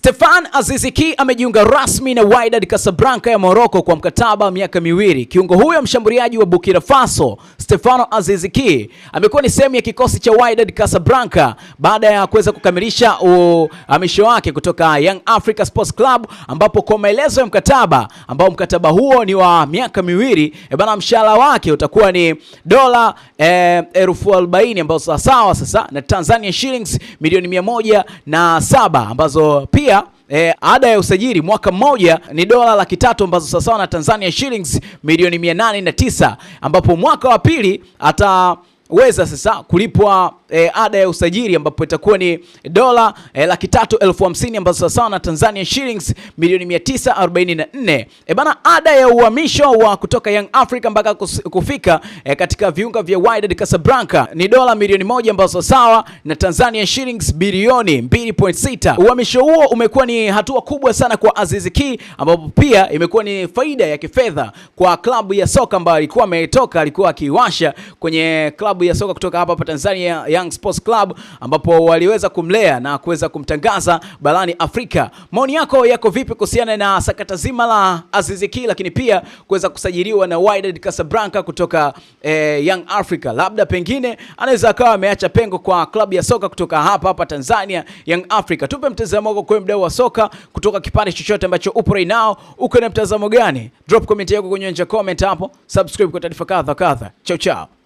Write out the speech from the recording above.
Stefan Aziziki amejiunga rasmi na Wydad Casablanca ya Morocco kwa mkataba wa miaka miwili. Kiungo huyo mshambuliaji wa Burkina Faso, Stefano Aziziki amekuwa ni sehemu ya kikosi cha Wydad Casablanca baada ya kuweza kukamilisha uhamisho wake kutoka Young Africa Sports Club, ambapo kwa maelezo ya mkataba ambao mkataba huo ni wa miaka miwili, e bana, mshahara wake utakuwa ni dola eh, elfu arobaini ambazo sawasawa sasa na Tanzania shillings milioni mia moja na saba ambazo pia e, ada ya usajili mwaka mmoja ni dola laki tatu ambazo sasa na Tanzania shillings milioni 809 ambapo mwaka wa pili ata weza sasa kulipwa e, ada ya usajili ambapo itakuwa ni dola e, laki tatu elfu hamsini ambazo sawa na Tanzania shillings milioni 944. E eh, bana, ada ya uhamisho wa kutoka Young Africa mpaka kufika e, katika viunga vya Wydad Casablanca ni dola milioni moja ambazo sawa na Tanzania shillings bilioni 2.6. Uhamisho huo umekuwa ni hatua kubwa sana kwa Aziz Ki, ambapo pia imekuwa ni faida ya kifedha kwa klabu ya soka ambayo alikuwa ametoka, alikuwa akiwasha kwenye klabu klabu ya soka kutoka hapa hapa Tanzania, Young Sports Club, ambapo waliweza kumlea na kuweza kumtangaza barani Afrika. Maoni yako yako vipi kuhusiana na sakata zima la Aziz Ki, lakini pia kuweza kusajiliwa na Wydad Casablanca kutoka eh, Young Africa? Labda pengine anaweza akawa ameacha pengo kwa klabu ya soka kutoka hapa hapa Tanzania, Young Africa. Tupe mtazamo wako kwa mdau wa soka kutoka kipande chochote ambacho upo right now, uko na mtazamo gani? Drop comment yako kwenye nje comment hapo, subscribe kwa taarifa kadha kadha. Chao chao.